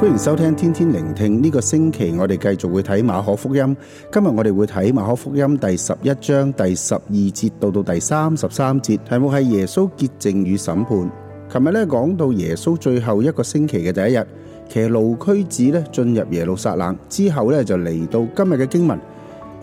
歡迎收聽天天聆聽，呢個星期我哋繼續會睇馬可福音。今日我哋會睇馬可福音第十一章第十二節到到第三十三節，題目係耶穌潔淨與審判。琴日咧講到耶穌最後一個星期嘅第一日，騎驢駒子咧進入耶路撒冷之後咧就嚟到今日嘅經文，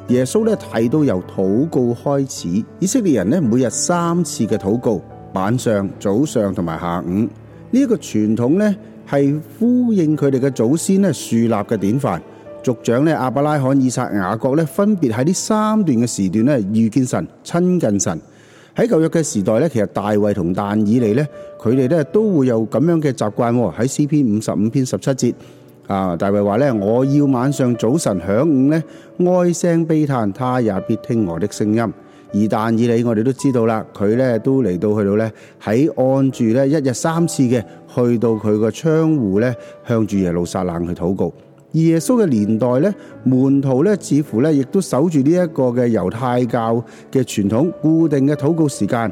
耶穌咧提到由禱告開始，以色列人咧每日三次嘅禱告，晚上、早上同埋下午呢一個傳統咧。係呼應佢哋嘅祖先咧樹立嘅典範，族長咧亞伯拉罕、以撒、雅各咧，分別喺呢三段嘅時段咧遇見神、親近神。喺舊約嘅時代咧，其實大衛同但以理，咧，佢哋咧都會有咁樣嘅習慣喺詩篇五十五篇十七節啊，大衛話咧：我要晚上、早晨、晌午咧哀聲悲嘆，他也必聽我的聲音。而但以理，我哋都知道啦，佢咧都嚟到去到咧，喺按住咧一日三次嘅去到佢個窗戶咧，向住耶路撒冷去禱告。而耶穌嘅年代咧，門徒咧似乎咧亦都守住呢一個嘅猶太教嘅傳統固定嘅禱告時間，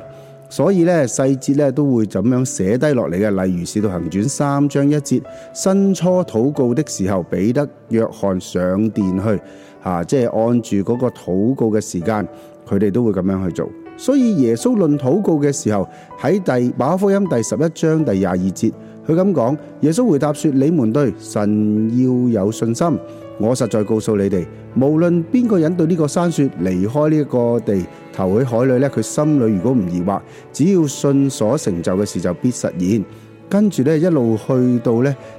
所以咧細節咧都會咁樣寫低落嚟嘅。例如使徒行傳三章一節，申初禱告的時候，彼得、約翰上殿去，啊，即係按住嗰個禱告嘅時間。佢哋都會咁樣去做，所以耶穌論禱告嘅時候，喺第馬可福音第十一章第廿二節，佢咁講：耶穌回答說，你們對神要有信心，我實在告訴你哋，無論邊個人對呢個山說離開呢個地投去海裏咧，佢心裏如果唔疑惑，只要信所成就嘅事就必實現。跟住咧一路去到咧。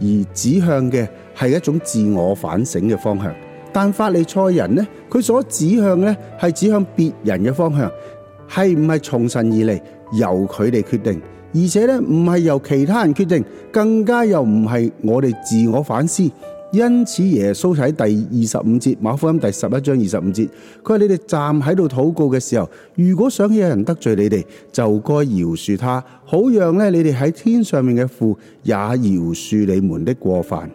而指向嘅係一種自我反省嘅方向，但法利賽人呢，佢所指向呢係指向別人嘅方向，係唔係從神而嚟由佢哋決定，而且呢，唔係由其他人決定，更加又唔係我哋自我反思。因此耶穌喺第二十五節，馬可福音第十一章二十五節，佢話，你哋站喺度禱告嘅時候，如果想起有人得罪你哋，就該饒恕他，好讓咧你哋喺天上面嘅父也饒恕你們的過犯。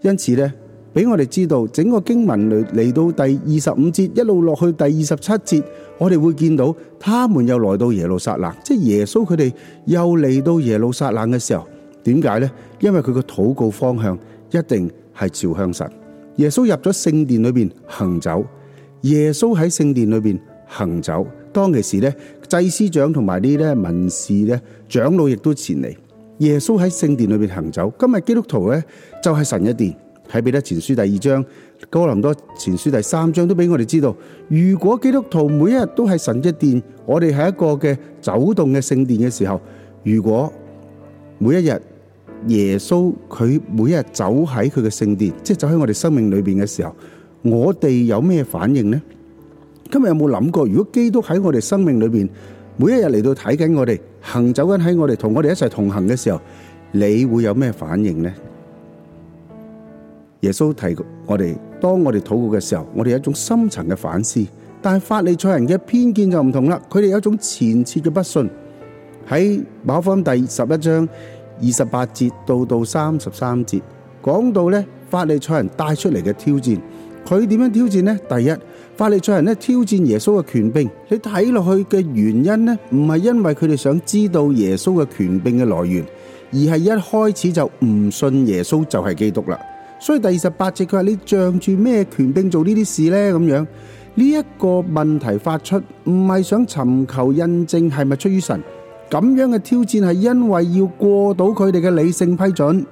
因此咧，俾我哋知道整個經文嚟嚟到第二十五節一路落去第二十七節，我哋會見到他們又來到耶路撒冷，即係耶穌佢哋又嚟到耶路撒冷嘅時候，點解咧？因為佢個禱告方向。一定係朝向神。耶穌入咗聖殿裏邊行走，耶穌喺聖殿裏邊行走。當其時咧，祭司長同埋啲咧文士咧長老亦都前嚟。耶穌喺聖殿裏邊行走。今日基督徒咧就係神一殿，喺彼得前書第二章、哥林多前書第三章都俾我哋知道。如果基督徒每一日都係神一殿，我哋係一個嘅走動嘅聖殿嘅時候，如果每一日。耶穌佢每一日走喺佢嘅聖殿，即係走喺我哋生命裏邊嘅時候，我哋有咩反應呢？今日有冇諗過，如果基督喺我哋生命裏邊，每一日嚟到睇緊我哋，行走緊喺我哋，同我哋一齊同行嘅時候，你會有咩反應呢？耶穌提我哋，當我哋禱告嘅時候，我哋有一種深層嘅反思，但係法利賽人嘅偏見就唔同啦，佢哋有一種前設嘅不信。喺馬可福音第十一章。二十八節到到三十三節，講到咧法利賽人帶出嚟嘅挑戰，佢點樣挑戰呢？第一，法利賽人咧挑戰耶穌嘅權柄，你睇落去嘅原因呢，唔係因為佢哋想知道耶穌嘅權柄嘅來源，而係一開始就唔信耶穌就係基督啦。所以第二十八節佢話，你仗住咩權柄做呢啲事呢？咁樣呢一個問題發出，唔係想尋求印證係咪出於神。咁樣嘅挑戰係因為要過到佢哋嘅理性批准，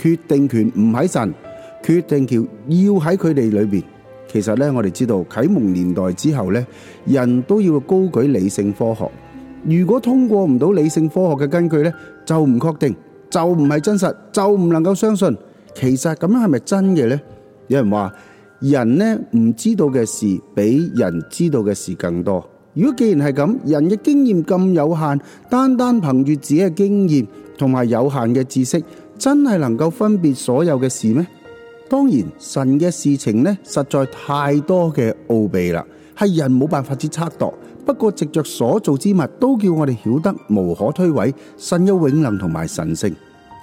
決定權唔喺神，決定權要喺佢哋裏邊。其實咧，我哋知道啟蒙年代之後咧，人都要高舉理性科學。如果通過唔到理性科學嘅根據咧，就唔確定，就唔係真實，就唔能夠相信。其實咁樣係咪真嘅呢？有人話人咧唔知道嘅事比人知道嘅事更多。如果既然係咁，人嘅經驗咁有限，單單憑住自己嘅經驗同埋有限嘅知識，真係能夠分別所有嘅事咩？當然，神嘅事情呢，實在太多嘅奧秘啦，係人冇辦法去測度。不過，藉着所做之物，都叫我哋曉得無可推諉，神嘅永能同埋神性。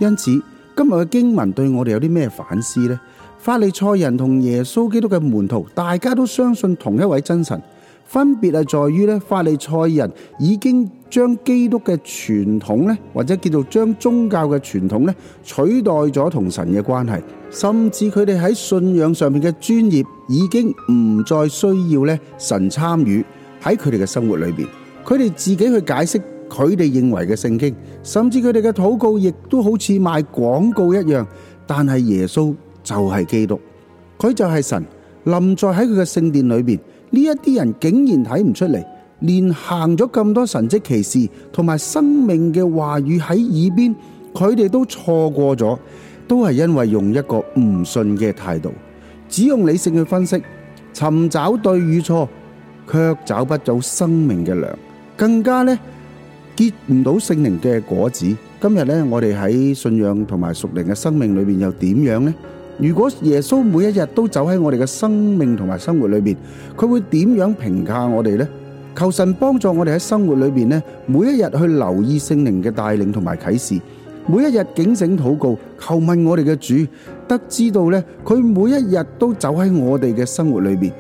因此，今日嘅經文對我哋有啲咩反思呢？法利賽人同耶穌基督嘅門徒，大家都相信同一位真神。分別係在於咧，法利賽人已經將基督嘅傳統咧，或者叫做將宗教嘅傳統咧，取代咗同神嘅關係，甚至佢哋喺信仰上面嘅專業已經唔再需要咧，神參與喺佢哋嘅生活裏邊，佢哋自己去解釋佢哋認為嘅聖經，甚至佢哋嘅禱告亦都好似賣廣告一樣。但係耶穌就係基督他是，佢就係神，臨在喺佢嘅聖殿裏邊。呢一啲人竟然睇唔出嚟，連行咗咁多神蹟奇事同埋生命嘅話語喺耳邊，佢哋都錯過咗，都係因為用一個唔信嘅態度，只用理性去分析，尋找對與錯，卻找不到生命嘅糧，更加咧結唔到聖靈嘅果子。今日咧，我哋喺信仰同埋屬靈嘅生命裏邊，又點樣咧？如果耶穌每一日都走喺我哋嘅生命同埋生活裏邊，佢會點樣評價我哋呢？求神幫助我哋喺生活裏邊呢，每一日去留意聖靈嘅帶領同埋啟示，每一日警醒禱告，求問我哋嘅主，得知道呢，佢每一日都走喺我哋嘅生活裏邊，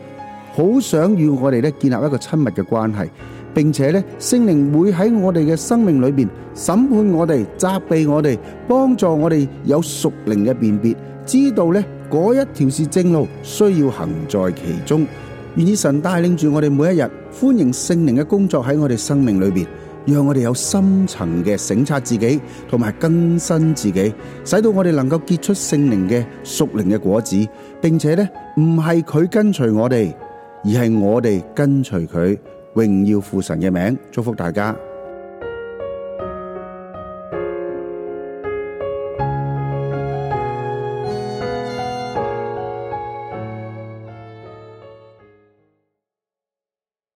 好想與我哋呢建立一個親密嘅關係。並且咧，聖靈會喺我哋嘅生命裏邊審判我哋、責備我哋、幫助我哋有屬靈嘅辨別，知道咧嗰一條是正路，需要行在其中。願意神帶領住我哋每一日，歡迎聖靈嘅工作喺我哋生命裏邊，讓我哋有深層嘅省察自己，同埋更新自己，使到我哋能夠結出聖靈嘅屬靈嘅果子，並且咧唔係佢跟隨我哋，而係我哋跟隨佢。榮耀父神嘅名，祝福大家。